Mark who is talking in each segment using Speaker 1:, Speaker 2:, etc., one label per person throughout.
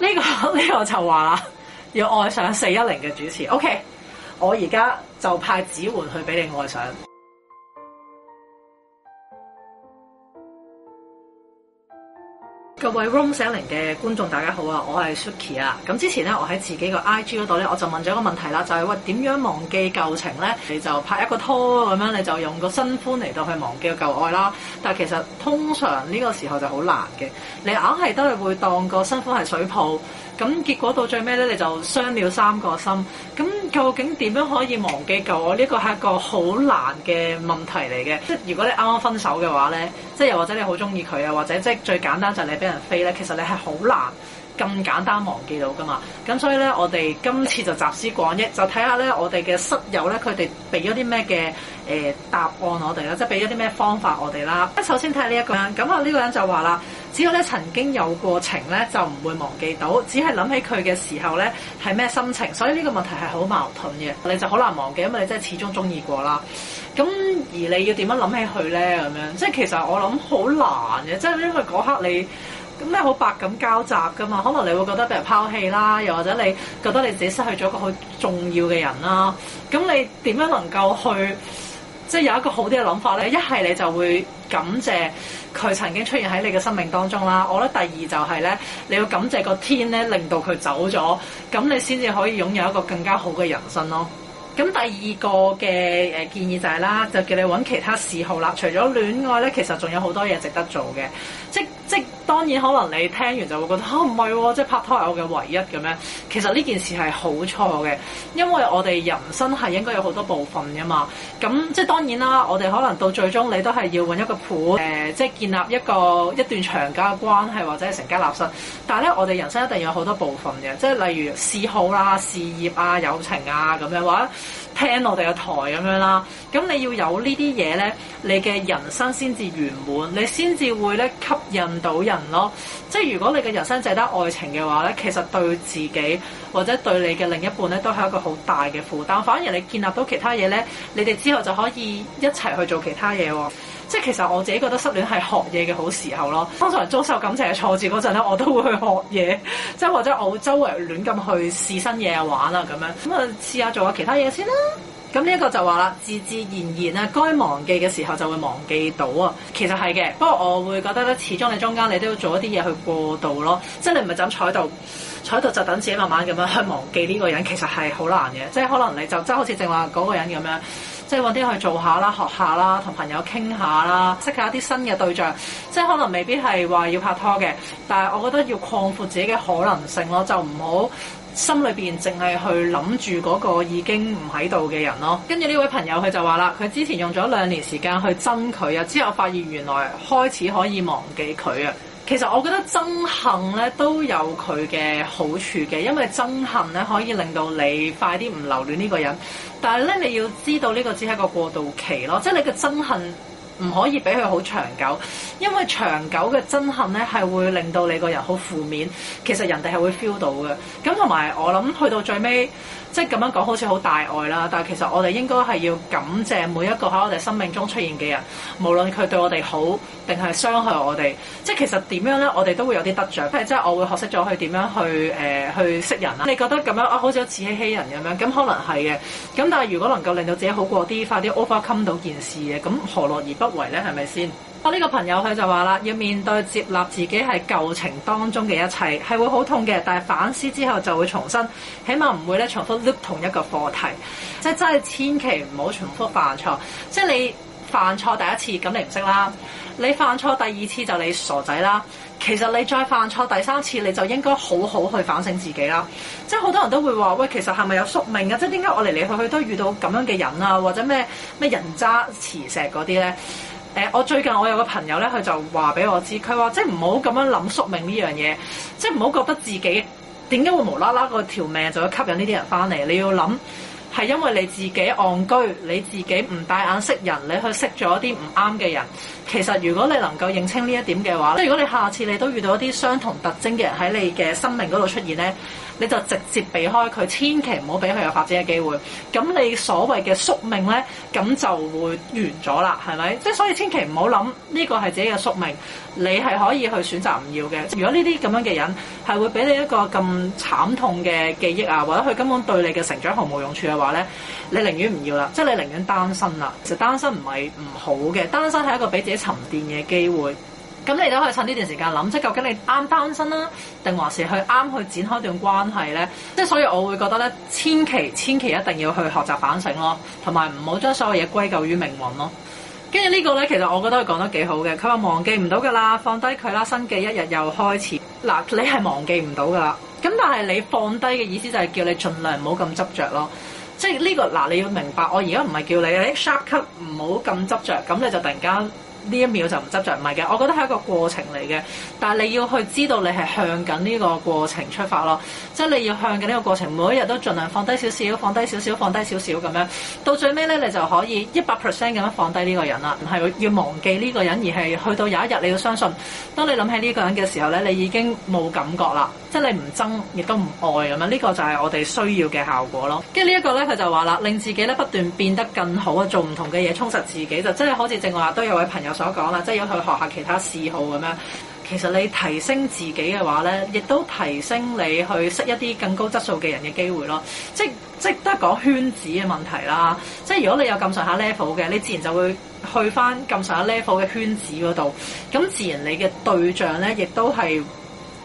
Speaker 1: 呢、這個呢、這個就話要愛上四一零嘅主持，OK？我而家就派子煥去俾你愛上。各位 Room Sharing 嘅觀眾，大家好啊！我係 Suki 啊。咁之前咧，我喺自己個 IG 度咧，我就問咗一個問題啦，就係喂點樣忘記舊情咧？你就拍一個拖咁樣，你就用個新歡嚟到去忘記個舊愛啦。但係其實通常呢個時候就好難嘅，你硬係都係會當個新歡係水泡，咁結果到最尾咧，你就傷了三個心咁。究竟點樣可以忘記舊？我、這、呢個係一個好難嘅問題嚟嘅。即係如果你啱啱分手嘅話咧，即係又或者你好中意佢啊，或者即係最簡單就係你俾人飛咧，其實你係好難咁簡單忘記到噶嘛。咁所以咧，我哋今次就集思廣益，就睇下咧我哋嘅室友咧，佢哋俾咗啲咩嘅誒答案我哋啦，即係俾咗啲咩方法我哋啦。首先睇下呢一個人，咁啊呢個人就話啦。只要咧曾經有過程咧，就唔會忘記到，只係諗起佢嘅時候咧係咩心情。所以呢個問題係好矛盾嘅，你就好難忘記，因為你真係始終中意過啦。咁而你要點樣諗起佢咧？咁樣即係其實我諗好難嘅，即係因為嗰刻你咁咧好白咁交集噶嘛，可能你會覺得俾人拋棄啦，又或者你覺得你自己失去咗一個好重要嘅人啦。咁你點樣能夠去？即係有一個好啲嘅諗法咧，一係你就會感謝佢曾經出現喺你嘅生命當中啦。我覺得第二就係咧，你要感謝個天咧，令到佢走咗，咁你先至可以擁有一個更加好嘅人生咯。咁第二個嘅誒建議就係啦，就叫你揾其他嗜好啦。除咗戀愛咧，其實仲有好多嘢值得做嘅。即即當然，可能你聽完就會覺得嚇，唔係喎，即拍拖係我嘅唯一咁樣？其實呢件事係好錯嘅，因為我哋人生係應該有好多部分噶嘛。咁即當然啦，我哋可能到最終你都係要揾一個伴誒、呃，即建立一個一段長家關係或者係成家立室。但係咧，我哋人生一定有好多部分嘅，即例如嗜好啦、事業啊、友情啊咁樣或聽我哋嘅台咁樣啦，咁你要有呢啲嘢呢，你嘅人生先至圓滿，你先至會咧吸引到人咯。即係如果你嘅人生淨係得愛情嘅話呢，其實對自己或者對你嘅另一半呢，都係一個好大嘅負擔。反而你建立到其他嘢呢，你哋之後就可以一齊去做其他嘢。即係其實我自己覺得失戀係學嘢嘅好時候咯。通常遭受感情嘅挫折嗰陣咧，我都會去學嘢，即係或者我會周圍亂咁去試新嘢玩啊咁樣。咁啊試下做下其他嘢先啦。咁呢一個就話啦，自自然然啊，該忘記嘅時候就會忘記到啊。其實係嘅，不過我會覺得咧，始終你中間你都要做一啲嘢去過渡咯。即係你唔係就咁坐喺度，坐喺度就等自己慢慢咁樣去忘記呢個人，其實係好難嘅。即係可能你就即係好似正話嗰個人咁樣。即係搵啲去做下啦，學下啦，同朋友傾下啦，識下啲新嘅對象。即係可能未必係話要拍拖嘅，但係我覺得要擴闊自己嘅可能性咯，就唔好心裏邊淨係去諗住嗰個已經唔喺度嘅人咯。跟住呢位朋友佢就話啦，佢之前用咗兩年時間去憎佢啊，之後發現原來開始可以忘記佢啊。其實我覺得憎恨咧都有佢嘅好處嘅，因為憎恨咧可以令到你快啲唔留戀呢個人，但係咧你要知道呢個只係一個過渡期咯，即係你嘅憎恨。唔可以俾佢好長久，因為長久嘅憎恨咧，係會令到你個人好負面。其實人哋係會 feel 到嘅。咁同埋我諗去到最尾，即係咁樣講好似好大愛啦。但係其實我哋應該係要感謝每一個喺我哋生命中出現嘅人，無論佢對我哋好定係傷害我哋。即係其實點樣咧，我哋都會有啲得著。即係我會學識咗去點樣去誒去識人啊，你覺得咁樣啊，好似自欺欺人咁樣？咁可能係嘅。咁但係如果能夠令到自己好過啲，快啲 overcome 到件事嘅，咁何樂而不為咧，係咪先？我呢個朋友佢就話啦，要面對接納自己係舊情當中嘅一切，係會好痛嘅。但係反思之後就會重新，起碼唔會咧重複 look 同一個課題。即係真係千祈唔好重複犯錯。即係你犯錯第一次，咁你唔識啦。你犯錯第二次就係，你傻仔啦，其實你再犯錯第三次你就應該好好去反省自己啦。即係好多人都會話喂，其實係咪有宿命啊？即係點解我嚟嚟去去都遇到咁樣嘅人啊？或者咩咩人渣磁石嗰啲咧？誒、呃，我最近我有個朋友咧，佢就話俾我知，佢話即係唔好咁樣諗宿命呢樣嘢，即係唔好覺得自己點解會無啦啦個條命就要吸引呢啲人返嚟，你要諗。係因為你自己戇居，你自己唔帶眼識人，你去識咗啲唔啱嘅人。其實如果你能夠認清呢一點嘅話，即係如果你下次你都遇到一啲相同特徵嘅人喺你嘅生命嗰度出現呢，你就直接避開佢，千祈唔好俾佢有發展嘅機會。咁你所謂嘅宿命呢，咁就會完咗啦，係咪？即係所以千祈唔好諗呢個係自己嘅宿命，你係可以去選擇唔要嘅。如果呢啲咁樣嘅人係會俾你一個咁慘痛嘅記憶啊，或者佢根本對你嘅成長毫無用處啊！話咧，你寧願唔要啦，即係你寧願單身啦。其實單身唔係唔好嘅，單身係一個俾自己沉澱嘅機會。咁你都可以趁呢段時間諗，即係究竟你啱單身啦，啊，定還是去啱去展開一段關係咧？即係所以我會覺得咧，千祈千祈一定要去學習反省咯，同埋唔好將所有嘢歸咎於命運咯。跟住呢個咧，其實我覺得佢講得幾好嘅，佢話忘記唔到噶啦，放低佢啦，新嘅一日又開始。嗱，你係忘記唔到噶啦，咁但係你放低嘅意思就係叫你盡量唔好咁執着咯。即係、這、呢個嗱、啊，你要明白，我而家唔係叫你啲 sharp cut 唔好咁執着。咁你就突然間呢一秒就唔執着，唔係嘅，我覺得係一個過程嚟嘅。但係你要去知道你係向緊呢個過程出發咯，即係你要向緊呢個過程，每一日都盡量放低少少，放低少少，放低少少咁樣，到最尾咧你就可以一百 percent 咁樣放低呢個人啦。唔係要忘記呢個人，而係去到有一日你要相信，當你諗起呢個人嘅時候咧，你已經冇感覺啦。即係唔爭亦都唔愛咁樣，呢個就係我哋需要嘅效果咯。跟住呢一個咧，佢就話啦，令自己咧不斷變得更好啊，做唔同嘅嘢充實自己，就即係好似正話都有位朋友所講啦，即係要去學下其他嗜好咁樣。其實你提升自己嘅話咧，亦都提升你去識一啲更高質素嘅人嘅機會咯。即係即係都係講圈子嘅問題啦。即係如果你有咁上下 level 嘅，你自然就會去翻咁上下 level 嘅圈子嗰度，咁自然你嘅對象咧亦都係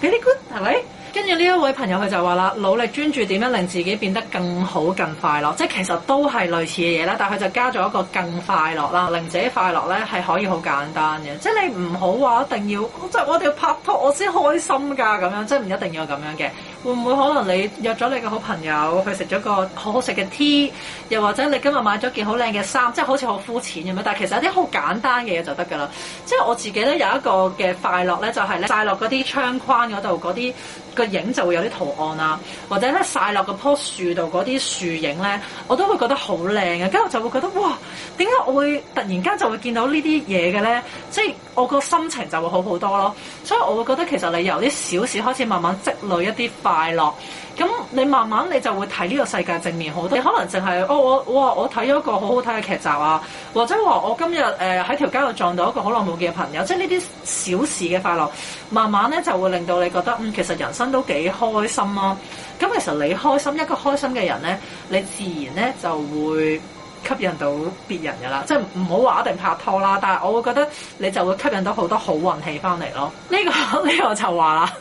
Speaker 1: 俾你 good 係咪？跟住呢一位朋友佢就話啦，努力專注點樣令自己變得更好更快樂，即係其實都係類似嘅嘢啦。但係佢就加咗一個更快樂啦，令自己快樂咧係可以好簡單嘅。即係你唔好話一定要，即係我哋要拍拖我先開心噶，咁樣，即係唔一定要咁樣嘅。會唔會可能你約咗你嘅好朋友去食咗個好好食嘅 tea，又或者你今日買咗件好靚嘅衫，即係好似好膚淺咁樣，但係其實有啲好簡單嘅嘢就得㗎啦。即係我自己咧有一個嘅快樂咧，就係咧曬落嗰啲窗框嗰度嗰啲個影就會有啲圖案啊，或者咧曬落嗰棵樹度嗰啲樹影咧，我都會覺得好靚啊，跟住我就會覺得哇，點解我會突然間就會見到呢啲嘢嘅咧？即係我個心情就會好好多咯。所以我會覺得其實你由啲小事開始慢慢積累一啲快樂，咁你慢慢你就會睇呢個世界正面好多。你可能淨係哦，我哇我我睇咗一個好好睇嘅劇集啊，或者話我今日誒喺條街度撞到一個好耐冇見嘅朋友，即係呢啲小事嘅快樂，慢慢咧就會令到你覺得嗯，其實人生都幾開心囉！咁其實你開心一個開心嘅人咧，你自然咧就會吸引到別人嘅啦，即係唔好話一定拍拖啦，但係我會覺得你就會吸引到好多好運氣翻嚟咯。呢個呢個就話啦，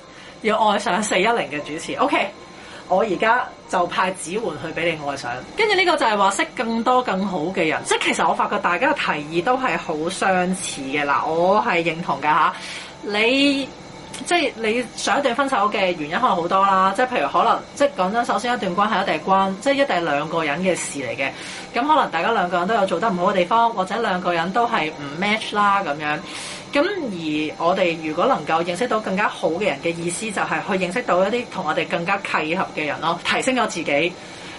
Speaker 1: 要愛上四一零嘅主持。OK，我而家就派指桓去俾你愛上，跟住呢個就係話識更多更好嘅人。即係其實我發覺大家嘅提議都係好相似嘅啦，我係認同嘅吓。你。即係你上一段分手嘅原因可能好多啦，即係譬如可能即係講真，首先一段關係一定係關，即係一定係兩個人嘅事嚟嘅。咁可能大家兩個人都有做得唔好嘅地方，或者兩個人都係唔 match 啦咁樣。咁而我哋如果能夠認識到更加好嘅人嘅意思，就係去認識到一啲同我哋更加契合嘅人咯，提升咗自己。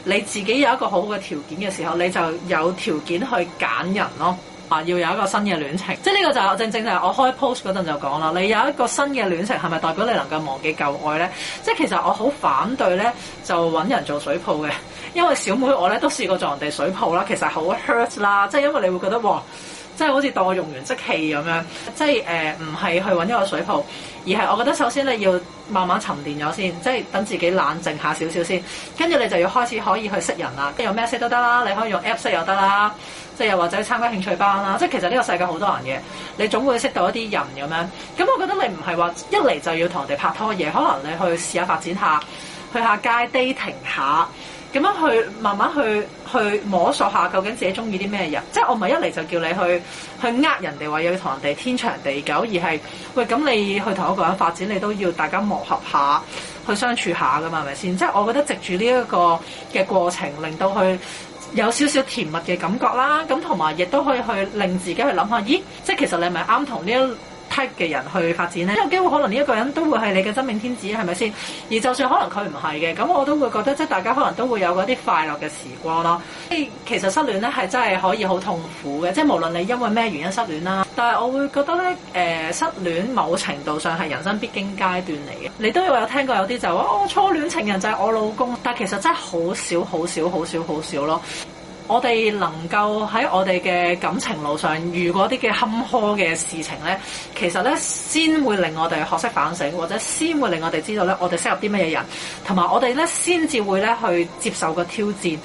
Speaker 1: 你自己有一個好好嘅條件嘅時候，你就有條件去揀人咯。要有一個新嘅戀情，即係呢個就正正就係我開 post 嗰陣就講啦。你有一個新嘅戀情係咪代表你能夠忘記舊愛咧？即係其實我好反對咧，就揾人做水泡嘅，因為小妹我咧都試過撞人哋水泡啦，其實好 hurt 啦，即係因為你會覺得，哇，即係好似當我用完即棄咁樣，即係誒唔係去揾一個水泡，而係我覺得首先你要慢慢沉澱咗先，即係等自己冷靜一下少少先，跟住你就要開始可以去識人啦，用 message 都得啦，你可以用 app 識又得啦。即係又或者去參加興趣班啦，即係其實呢個世界好多人嘅，你總會識到一啲人咁樣。咁我覺得你唔係話一嚟就要同人哋拍拖嘢，可能你去試下發展下，去下街 dating 停下，咁樣去慢慢去去摸索下究竟自己中意啲咩人。即係我唔係一嚟就叫你去去呃人哋話要同人哋天長地久，而係喂，咁你去同一個人發展，你都要大家磨合下去相處下㗎嘛？係咪先？即係我覺得藉住呢一個嘅過程，令到佢。有少少甜蜜嘅感覺啦，咁同埋亦都可以去令自己去諗下，咦，即係其實你係咪啱同呢一嘅人去發展咧，有機會可能呢一個人都會係你嘅真命天子，係咪先？而就算可能佢唔係嘅，咁我都會覺得即係大家可能都會有嗰啲快樂嘅時光咯。即其實失戀咧係真係可以好痛苦嘅，即係無論你因為咩原因失戀啦，但係我會覺得咧誒、呃，失戀某程度上係人生必經階段嚟嘅。你都有聽過有啲就話我、哦、初戀情人就係我老公，但其實真係好少、好少、好少、好少咯。我哋能夠喺我哋嘅感情路上遇過啲嘅坎坷嘅事情呢，其實呢先會令我哋學識反省，或者先會令我哋知道咧，我哋適合啲乜嘢人，同埋我哋呢先至會呢去接受個挑戰。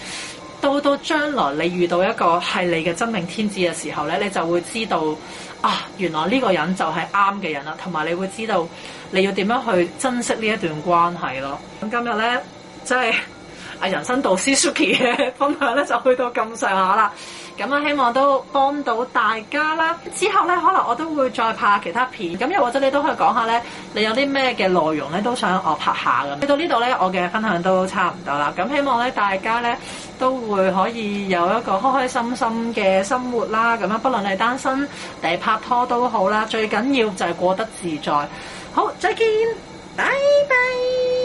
Speaker 1: 到到將來你遇到一個係你嘅真命天子嘅時候呢，你就會知道啊，原來呢個人就係啱嘅人啦，同埋你會知道你要點樣去珍惜呢一段關係咯。咁、嗯、今日呢，就係。啊！人生導師 Suki 嘅分享咧就去到咁上下啦，咁啊希望都幫到大家啦。之後咧可能我都會再拍其他片，咁又或者你都可以講下咧，你有啲咩嘅內容咧都想我拍下咁。去到呢度咧，我嘅分享都差唔多啦。咁希望咧大家咧都會可以有一個開開心心嘅生活啦。咁樣，不論係單身定係拍拖都好啦，最緊要就係過得自在。好，再見，拜拜。